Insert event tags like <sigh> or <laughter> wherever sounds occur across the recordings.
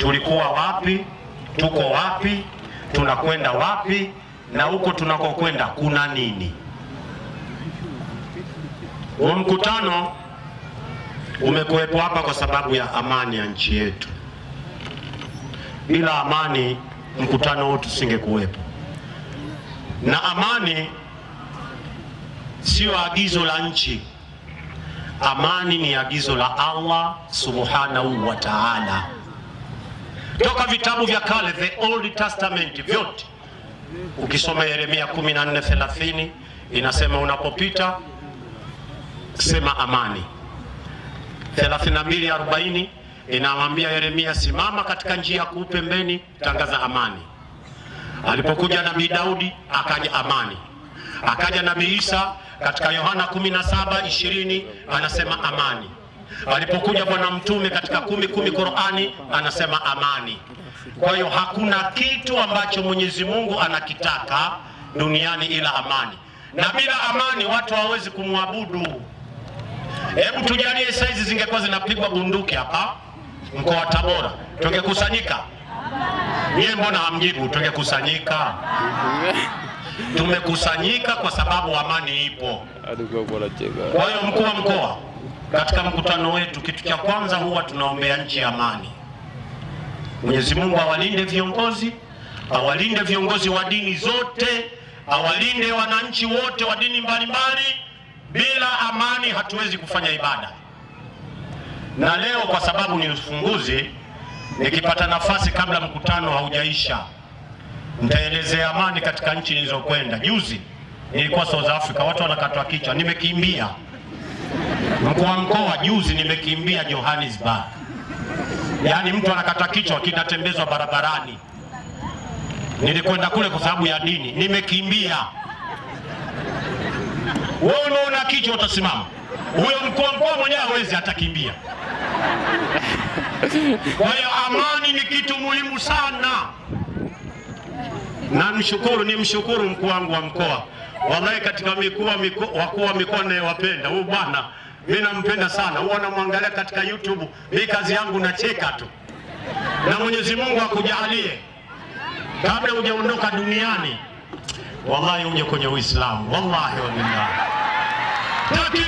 tulikuwa wapi, tuko wapi, tunakwenda wapi, na huko tunakokwenda kuna nini. Huo mkutano umekuwepo hapa kwa sababu ya amani ya nchi yetu. Bila amani, mkutano huu tusingekuwepo. Na amani sio agizo la nchi, amani ni agizo la Allah subhanahu wa ta'ala toka vitabu vya kale the Old Testament vyote. Ukisoma Yeremia 14:30 inasema unapopita sema amani. 32:40 inamwambia Yeremia simama katika njia kuu pembeni, tangaza amani. Alipokuja nabii Daudi akaja amani, akaja nabii Isa katika Yohana 17:20 anasema amani Alipokuja Bwana Mtume katika kumi kumi Qurani anasema amani. Kwa hiyo hakuna kitu ambacho Mwenyezi Mungu anakitaka duniani ila amani, na bila amani watu hawawezi kumwabudu. Hebu tujalie saizi zingekuwa zinapigwa bunduki hapa mkoa wa Tabora, tungekusanyika? Yeye mbona hamjibu? Tungekusanyika? Tumekusanyika kwa sababu amani ipo. Kwa hiyo mkuu wa mkoa katika mkutano wetu, kitu cha kwanza huwa tunaombea nchi amani. Mwenyezi Mungu awalinde viongozi, awalinde viongozi wa dini zote, awalinde wananchi wote wa dini mbalimbali. Bila amani hatuwezi kufanya ibada. Na leo kwa sababu ni ufunguzi, nikipata nafasi kabla mkutano haujaisha, nitaelezea amani katika nchi nilizokwenda. Juzi nilikuwa South Africa, watu wanakatwa kichwa, nimekimbia Mkuu wa mkoa, juzi nimekimbia Johannesburg. Yaani mtu anakata kichwa kinatembezwa barabarani. Nilikwenda kule kwa sababu ya dini, nimekimbia. Wewe unaona kichwa utasimama, huyo mkuu wa mkoa mwenyewe hawezi, atakimbia. Kwa hiyo amani ni kitu muhimu sana, na mshukuru ni mshukuru mkuu wangu wa mkoa, wallahi, katika mikoa wakuu wa mikoa ninayowapenda huyu bwana mimi nampenda sana, huwa namwangalia katika YouTube. Mimi kazi yangu nacheka tu, na Mwenyezi Mungu akujalie kabla hujaondoka duniani, wallahi uje kwenye Uislamu, wallahi wabillahi. Takbir!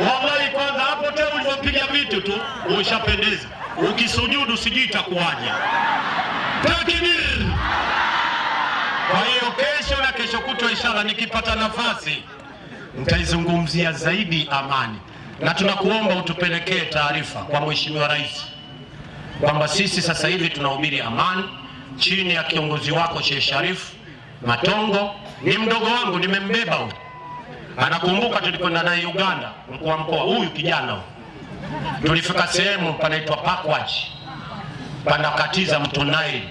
Wallahi, kwanza hapo tena ulivyopiga vitu tu ushapendeza, ukisujudu sijui itakuwaje. Takbir! Kwa hiyo kesho na kesho kutwa, inshallah nikipata nafasi mtaizungumzia zaidi amani, na tunakuomba utupelekee taarifa kwa Mheshimiwa Rais kwamba sisi sasa hivi tunahubiri amani chini ya kiongozi wako Sheikh Sharif Matongo. Ni mdogo wangu, nimembeba huyu, anakumbuka tulikwenda naye Uganda, mkuu wa mkoa huyu kijana huyu. Tulifika sehemu panaitwa Pakwach, panakatiza mto Nile,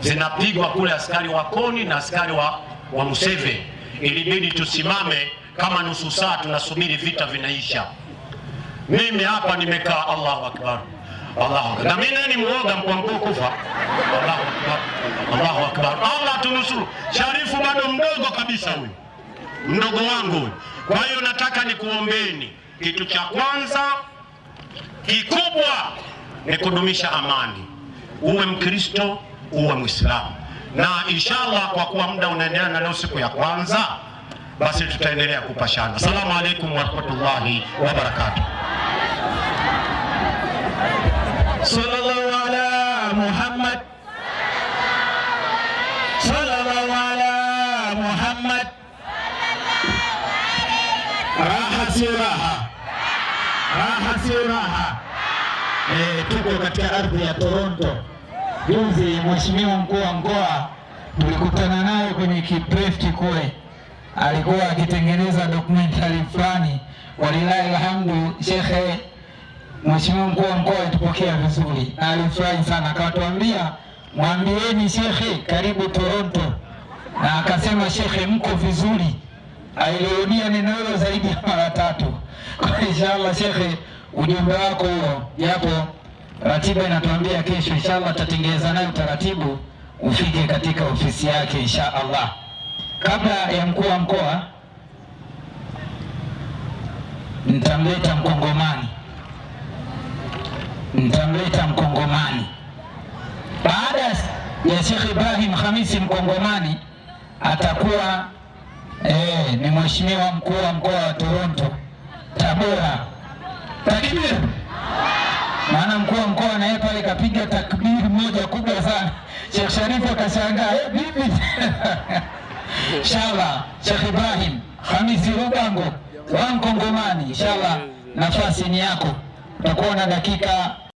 zinapigwa kule askari wa koni na askari wa, wa Museveni, ilibidi tusimame kama nusu saa tunasubiri vita vinaisha. Mimi hapa nimekaa, Allahu akbar, Allahu akbar, na mimi ni mwoga mpango kufa. Allahu akbar, Allahu akbar, Allah tunusuru. Sharifu bado mdogo kabisa huyu, mdogo wangu huyu. Kwa hiyo nataka nikuombeeni kitu cha kwanza kikubwa ni kudumisha amani, uwe Mkristo uwe Mwislamu, na inshallah, kwa kuwa muda unaendelea na leo siku ya kwanza basi tutaendelea kupashana. Asalamu alaikum warahmatullahi wabarakatuh. Sallallahu ala Muhammad. Sallallahu ala Muhammad. Raha si raha, raha si raha. E, tuko katika ardhi ya Toronto. Juzi mheshimiwa mkuu wa mkoa tulikutana naye kwenye kibref kikoe alikuwa akitengeneza documentary fulani. Walilahi alhamdu, shekhe mheshimiwa mkuu wa mkoa alitupokea vizuri na alifurahi sana, akatuambia mwambieni shekhe karibu Toronto, na akasema shekhe mko vizuri. Alirudia neno hilo zaidi ya mara tatu. <laughs> Kwa inshallah shekhe, ujumbe wako huo, japo ratiba inatuambia kesho, inshallah tutatengeneza nayo utaratibu ufike katika ofisi yake insha Allah. Kabla ya mkuu wa mkoa, nitamleta Mkongomani, nitamleta Mkongomani. Baada ya Sheikh Ibrahim Hamisi Mkongomani atakuwa eh, ni mheshimiwa mkuu wa mkoa wa Toronto Tabora. Takbir! Maana mkuu wa mkoa naye pale kapiga takbiri moja kubwa sana, Sheikh Sharifu akashangaa, eh, bibi <laughs> shala Sheikh Ibrahim Hamisi Rubango wa Mkongomani, inshallah nafasi ni yako, utakuwa na dakika